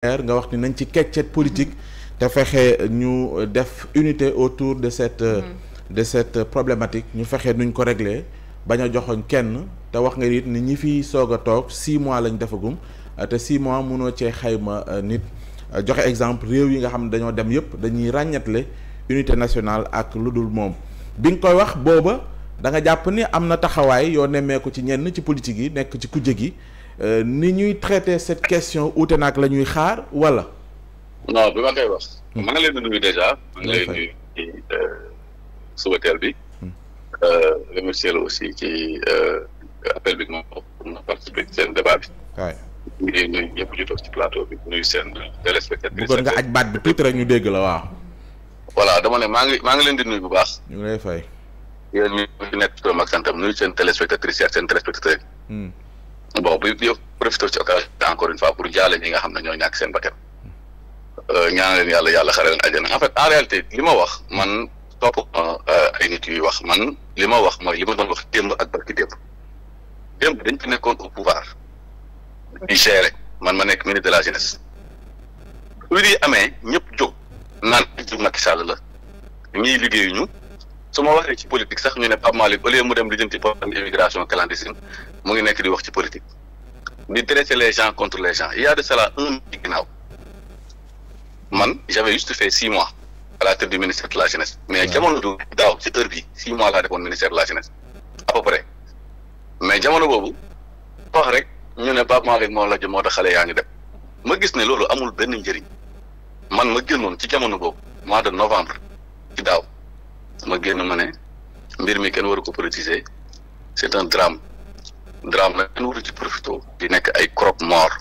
nga wax ni nañ ci keccet politique te fexe ñu def unité autour de cette euh, mm. de cette problématique ñu fexe nuñ ko régler bañ a joxoñ kenn te wax nga nit ñi fi soog a toog six mois lañ defagum euh, te six mois mënoo cee xayma euh, nit joxe exemple réew yi nga xam ne dañoo dem yëpp dañuy ràññatle unité nationale ak lu dul moom bi nga koy wax booba danga jàpp ni am na taxawaay yoo nemmeeku ci ñenn ci politique yi nekk ci kujje gi Euh, ni ñuy traité cette question uute naag la ñuy xaar walla non bi ma koy wax. Hmm. maa ngi leen di nuyu déjà. maa ngi leen di nuyu euh, suba teel bi. Hmm. Euh, remercier la aussi ci appel bi ma ma participer seen débat bi. waay ñu nuyu ñëpp ñu toog ci bi nuyu seen téléspectateur. bëggoon baat bi tuuti rek ñu dégg la maa ngi maa ngi leen di nuyu bu baax. ñu ngi lay nekk turam ak santam nuyu seen téléspectatrices yi seen téléspectateurs hmm. bon bu ñu profité ci occasion encore une fois pour jaale ñi nga xam ne ñoo ñàkk seen bakkan euh, ñaan leen yàlla yàlla xare leen àjjana en fait en réalité li ma wax man topp euh, ay nit wax man li ma wax mooy li ma doon wax démb ak barki démb démb dañ fi nekkoon au pouvoir di gérer man ma nekk ministre de la jeunesse lu amee ñëpp jóg naan jóg Macky Sall la ñuy liggéeyuñu su ma waxee ci politique sax ñu ne Pape Malick au mu dem li lijjanti problème immigration clandestine mu ngi nekk di wax ci politique di dresser les gens contre les gens il a de cela un an ginnaaw man j'avais juste fait six mois à la tête du ministère de la jeunesse mais jamono du daaw ci heure bi six mois laa defoon ministère de la jeunesse à peu près mais jamono boobu wax rek ñu ne Pape Malick moo la jëm moo tax xale yaa ngi def ma gis ne loolu amul benn njëriñ man ma génnoon ci jamono boobu mois de novembre ci daaw ma génn ma ne mbir mi kenn waru ko politiser c' est un drame drame nag kenn waru ci profito di nekk ay croque mort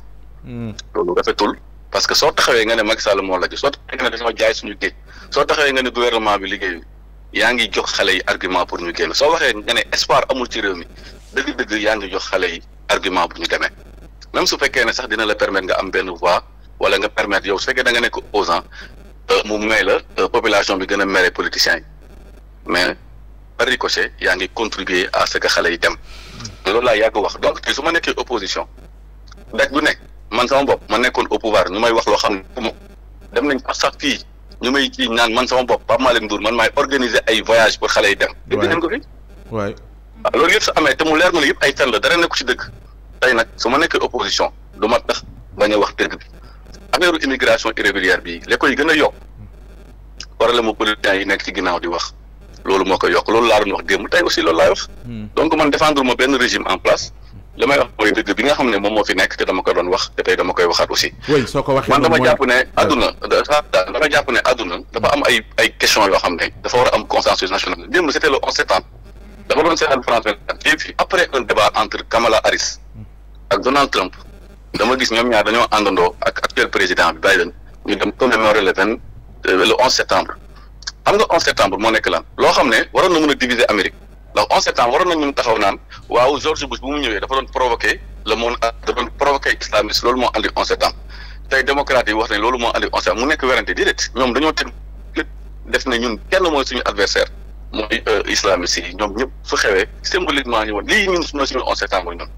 hmm. loolu rafetul parce que soo taxawee nga ne mag Sall moo lajj soo taxawee nga ne dañoo jaay suñu géej soo taxawee nga ne gouvernement bi liggéeyu yaa ngi jox xale yi argument pour ñu génn soo waxee nga ne espoir amul ci réew mi dëgg-dëgg yaa ngi jox xale yi argument bu ñu demee même su fekkee ne sax dina la permettre nga am benn voix wala nga permettre yow su fekkee da nga nekk osant euh, mu may la euh, population bi gën a mere politiciens yi mais par ricochet yaa ngi contribuer à ce que xale yi dem loolu laa yàgg wax donc tey su ma nekkee opposition daj bu nekk man sama bopp ma nekkoon au pouvoir may wax loo xam ne fu mu dem nañ sax fii ñu may ci naan man sama bopp Pape Malick Ndour man maay organiser ay voyage pour xale yi dem dégg nañ ko fi waay ah, loolu yëpp su amee te mu leer ma ne yëpp ay fen la dara nekku ci dëgg tey nag su ma nekkee opposition du ma tax bañ a wax dëgg bi affaire immigration irrégulière bi la koy gën a yokk problème mu politiciens yi nekk ci ginnaaw di wax loolu moo koy yokk loolu laa doon wax démb tey aussi loolu laay wax. Hmm. donc man défendre ma benn régime en place. li may wax mooy dëgg bi nga xam ne moom moo fi nekk te dama ko doon wax te tey dama koy waxaat aussi. oui man dama jàpp ne àdduna dafa am ay ay yoo xam ne dafa war a am consensus national démb c'était le 11 septembre. dafa doon seetaan France 24 après un débat entre Kamala Harris ak Donald Trump dama gis ñoom ñaar dañoo xam nga 11 septembre moo nekk lan loo xam ne waroon na mën a diviser Amérique ndax 11 septembre waroon nañ mën taxaw naan waaw George Bush bu mu ñëwee dafa doon provoqué le monde dafa doon provoqué islamiste loolu moo andi 11 septembre tey démocrates yi wax ne loolu moo andi 11 septembre mu nekk werante déedéet ñoom dañoo teg def ne ñun kenn mooy suñu adversaire mooy euh, islamiste yi ñoom ñëpp su xewee symboliquement ñu woon lii ñun suñu suñu 11 septembre ñun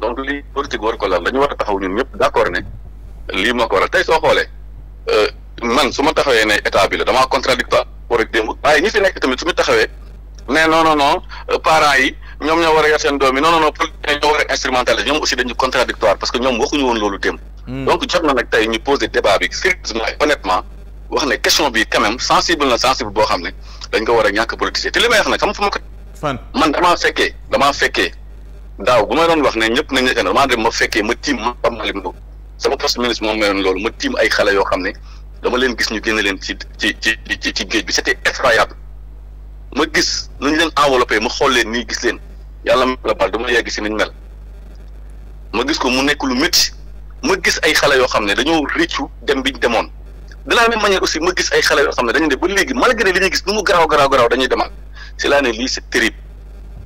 donc lii politique war ko laal dañu war a taxaw ñun ñëpp d' accord ne lii moo ko waral tey soo xoolee euh, man su ma taxawee ne état bi la damaa a démb nekk tamit su ñu taxawee ne euh, yi ñoom ñoo war a yar seen doom yi non non non politiciens ñoo war a instrumentaliser ñoom aussi dañu contradictoire parce que ñoom waxuñu woon loolu démb hmm. donc jot na nag tey ñu poser débat bi sérieusement honnêtement wax ne question bi quand sensible na sensible boo xam ne dañ ko war a ñàkk politiser te li may wax nag xam fu ma ko bu may doon wax ne ñëpp nañ nekk damaa dem ma fekkee ma tiim ma Pape sama poste ministre moom mayoon loolu ma tiim ay xale yoo xam ne dama leen gis ñu génne leen ci ci ci ci ci géej bi c'était effroyable ma gis nu ñu leen enveloppé ma xool leen nii gis leen yàlla ma la baal dama si niñ mel ma gis ko mu nekk lu metti ma gis ay xale yoo xam ne dañoo réccu dem biñ demoon de la même manière aussi ma gis ay xale yoo xam ne dañu ne ba léegi malgré li ñuy gis nu mu garaaw garaaw garaaw dañuy demaat c'est là ne lii c'est terrible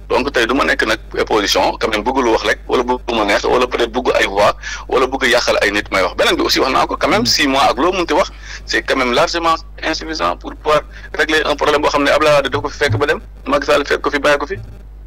donc tey du ma nekk nag opposition quand lu wax rek wala bëgg mu neex wala peut être bëgg ay voix wala bëgg yàqal ay nit may wax beneen bi aussi wax naa ko quand même six mois ak loo mënti wax c' est largement insuffisant pour pouvoir régler un problème boo xam ne Abdoulaye Wade daf ko fi fekk ba dem Macky fekk ko fi bàyyi ko fi.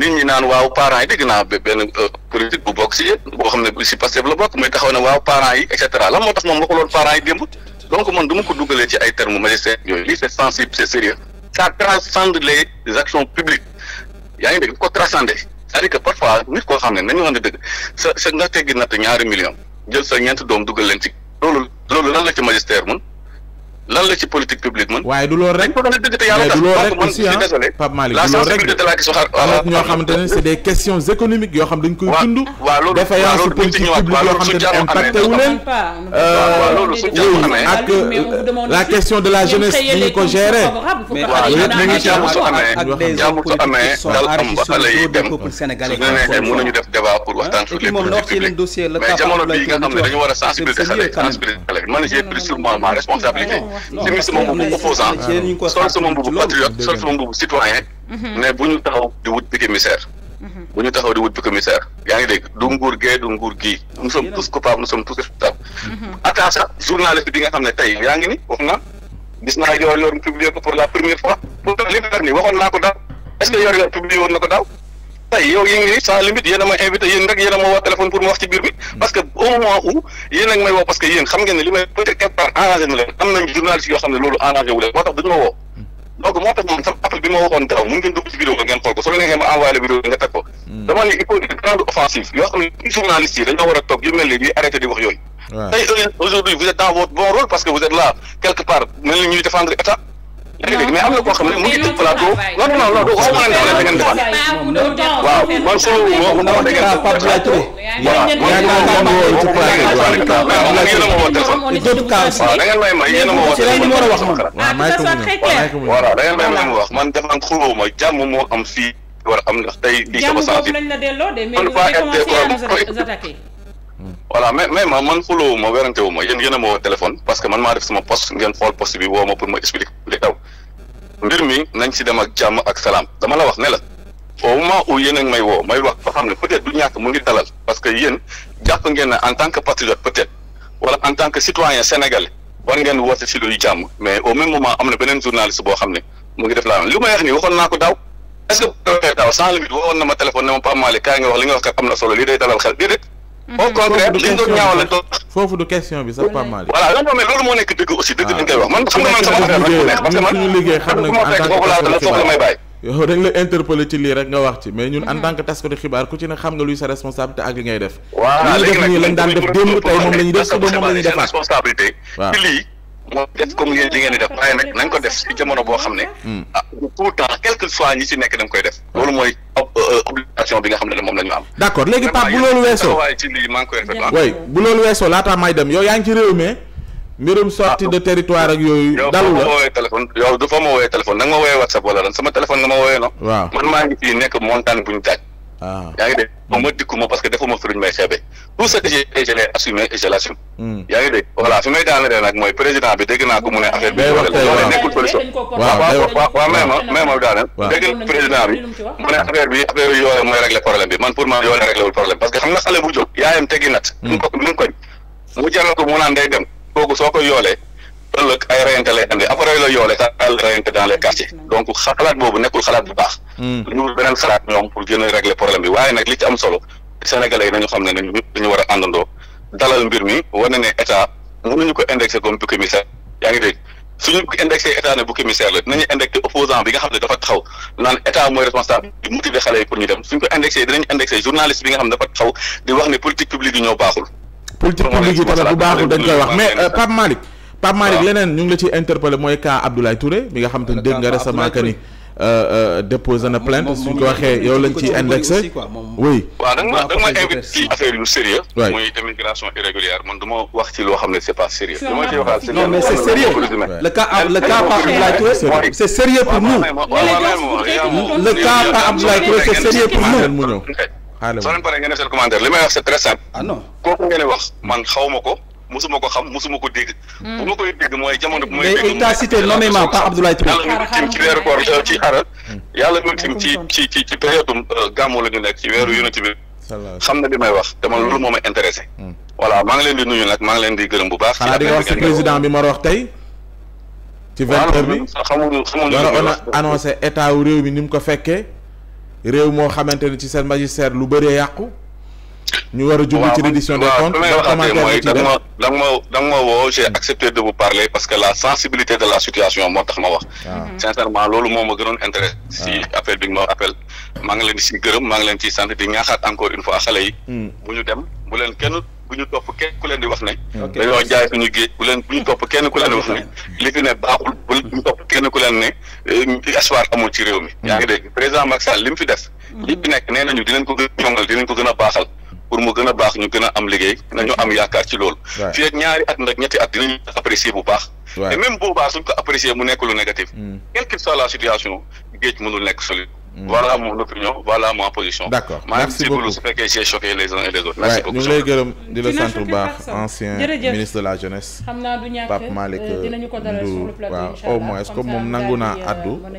nit ñi naan waaw parents yi dégg naa benn euh, politique bu bokk si boo xam ne si Pastef la bokk muy taxaw ne waaw parents yi et cetera lan moo tax moom waxuloon parents yi démb donc man du ma ko dugalee ci ay termes magistère yooyu lii c'est sensible c'est sérieux ça transcende les actions publiques yaa ngi dégg daf ko transcender cest à parfois nit koo xam ne nañu wax ne dëgg sa sa nga teggi natt ñaari million jël sa ñeent doom dugal leen ci loolu loolu lan la ci magistère mun lan la ci politique publique man. waaye du loolu rek mais ah, du loolu rek aussi ah Pape Malick du loolu rek de ñoo xamante ne c'est des questions économiques yoo xam dañ koy dund. waaw loolu défaillance politique publique xam ne impacté euh, la question de la jeunesse ko gérer. mais jaamu su amee dal am ba xale xam ne dañu war a rek man j'ai ma responsabilité simi sama mbubu opposant sol sama mbubu patriote sol sama mbubu citoyen mhm. mais bu ñu taxaw di wut pique misère mhm. bu ñu taxaw di wut pique misère yaa ngi dégg du nguur gee du nguur gii nous sommes tous coupables nous sommes tous responsables mhm. attention journaliste bi nga xam ne tey yaa ngi ni wax na gis naa yor yor publié ko pour la première fois li mu ni waxoon naa ko daaw est-ce yor yor publié woon na ko daaw tey ngi nii sans limite yéen a invité yéen rek yéen téléphone pour ma wax ci biir bi hmm. parce que au moment où yéen a may woo parce que yéen xam ngeen ne li may peut-être quelque part arrangé leen am nañ journaliste yoo xam ne loolu arrangé wu leen moo tax duñu ma woo hmm. donc moo tax moom sama appel bi ma waxoon daaw mu ngi dugg ci vidéo ba ngeen xool ko soo neexee ma envoyé la vidéo nga teg ko hmm. dama ne il faut yi dañoo war a dégg mais am na koo xam ne mu ngi ci plateau non non non doo xaw ma ne da ngeen defal waaw man su ma wax da ngeen defal waaw da ngeen may may yéen a ma woo téléphone voilà da ngeen may may ma wax man dafa am xuloo ma jàmm moo am fii war a am ndax tey lii sama sens yi voilà mais mais ma man xulóowu ma werante wu ma a ma woo téléphone parce que man maa def sama poste ngeen xool poste bi woo pour ma expliquer li mbir mi nañ si dem ak jàmm ak salaam dama la wax ne la au moment où a may woo may wax ba xam ne peut-être du ñàkk mu ngi dalal parce que yéen jàpp ngeen ne en tant que patriote peut-être wala en tant que citoyen sénégalais war ngeen woote si luy jàmm mais au même moment am na beneen journaliste boo xam ne mu def laa li ma solo lii day dalal au contraire foofu du question bi sax pas mal. voilà non mais loolu moo nekk dëgg aussi dëgg bi koy wax man xam nga man sama affaire parce que man suñu liggéey xam nañu en tant que foofu la may dañ la interpellé ci lii rek nga wax ci mais ñun en mm-hmm. tant que taskatu xibaar ku ci ne xam nga luy sa responsabilité ak li ngay def. li ñu def nii lañ daan def démb tey moom la ñuy def suba moom la ñuy defaat waaw moo def comme yéen li ngeen di def waaye nag na ko def si jamono boo xam ne. Hmm. ah tout le temps quelque fois ñi si nekk da koy def. loolu mooy euh, euh, obligation bi nga xam ne moom la ñu am. d' accord léegi Pape bu loolu weesoo waaye ci may dem yow yaa ngi ci réew mi mbirum sortie de territoire ak yooyu. dalu la yow du fa ma woowee téléphone na ma woowee whatsapp wala lan sama téléphone nga ma woowee noonu. waaw ngi fii nekk montagne bu ñu daaj. Ah. yaa ngi dégg moom ma dikku parce que defuma fi may xeebe tout ce que j'ai je assumé et je l'assume hmm. yaa ngi dégg voilà fi may daanaree nag mooy président bi dégg naa ko mu ne affaire bi doole yoole mooy régler problème bi man pour man yoole réglewul problème parce que xam nga xale bu jóg yaayam teggi nat hmm. mu ngi koñ mu jaral ko mu naan day dem kooku soo koy yoolee ay reyante lay andi après la yoole sa al reyante dans les quartiers hmm. donc xalaat boobu nekkul xalaat bu baax lu mm. ñu beneen xalaat ñoom pour gën a régler problème bi waaye nag li ci am solo sénégalais nañu xam ne nañu ñëpp dañu a àndandoo dalal mbir mi wane ne état mënuñu ko indexé comme bouc émissaire yaa ngi dégg suñu ko indexé état ne bouc émissaire la dinañu indexé opposant bi nga xam ne dafa taxaw naan état mooy responsable di motiver xale yi pour ñu dem suñ ko indexé dinañu indexé journaliste bi nga xam ne dafa taxaw di wax ne politique publique Pape Malick leneen ñu ngi la ciy interpellé mooy cas Abdoulaye Touré mi nga xam te ne nga récemment ni euh, euh, déposé na plainte suñ ko waxee yow lañ ci indexé oui waaw da nga ma da ci affaire yu sérieux muy immigration irrégulière man du ma wax ci loo xam ne c'est pas sérieux li ma ci waxaat c'est sérieux le cas le cas Pape Abdoulaye Touré c'est sérieux pour nous le mu ñëw li may wax c'est très simple ah kooku ngeen wax man musuma ko xam musuma ko dégg. Hmm. bu ma koy dégg mooy jamono bu may dégg. mais cité nommément par Abdoulaye Touré. yàlla ñu tim ci weeru koor ci ara hmm. yàlla ñu tim ci ci ci um, euh, la ñu nekk ci weeru unité hmm. bi. xam na li may wax te man loolu moo ma intéressé. voilà maa ngi leen di nuyu nag maa ngi leen di gërëm bu baax. xanaa di nga wax si président ci vingt bi xamul xamul waroon a annoncé état wu réew mi ni mu ko fekkee réew moo xamante ne ci seen magistère lu bëree yàqu ñu war a jublu ci reddition des comptes mooy da nga ma da nga ma da ma woo j'ai accepté de vous parler parce que la sensibilité de la situation moo tax ma wax ah. sincèrement loolu moo ma gënoon intérêt ah. si appel bi nga ma appel maa ngi leen si gërëm maa ngi leen ci sant di ñaaxaat encore une fois xale yi hmm. bu ñu dem bu leen kenn bu ñu topp kenn ku leen di wax ne dañoo jaay suñu géej bu leen bu topp kenn ku leen di wax ne li fi ne baaxul bu ñu topp kenn ku leen ne eh, espoir amul ci réew mi yaa ngi hmm. dégg président Macky Sall li mu fi def hmm. nekk nee nañu dinañ ko gën a dinañ ko gën baaxal pour mu gën a baax ñu gën a am liggéey nañu am yaakaar ci loolu fii ak ñaari at nag ñetti at dinañu apprécier bu baax te même boobaa suñ ko apprécier mu nekk lu négatif mm. quelle que soit la situation géej mënul nekk solide mm. voilà mon opinion voilà ma position. d'accord merci beaucoup su fekkee j'ai choqué les et les autres. merci beaucoup ñu ngi lay ministre de la jeunesse. Pape Malick euh, Ndour euh, au moins comme moom nangu naa euh, addu.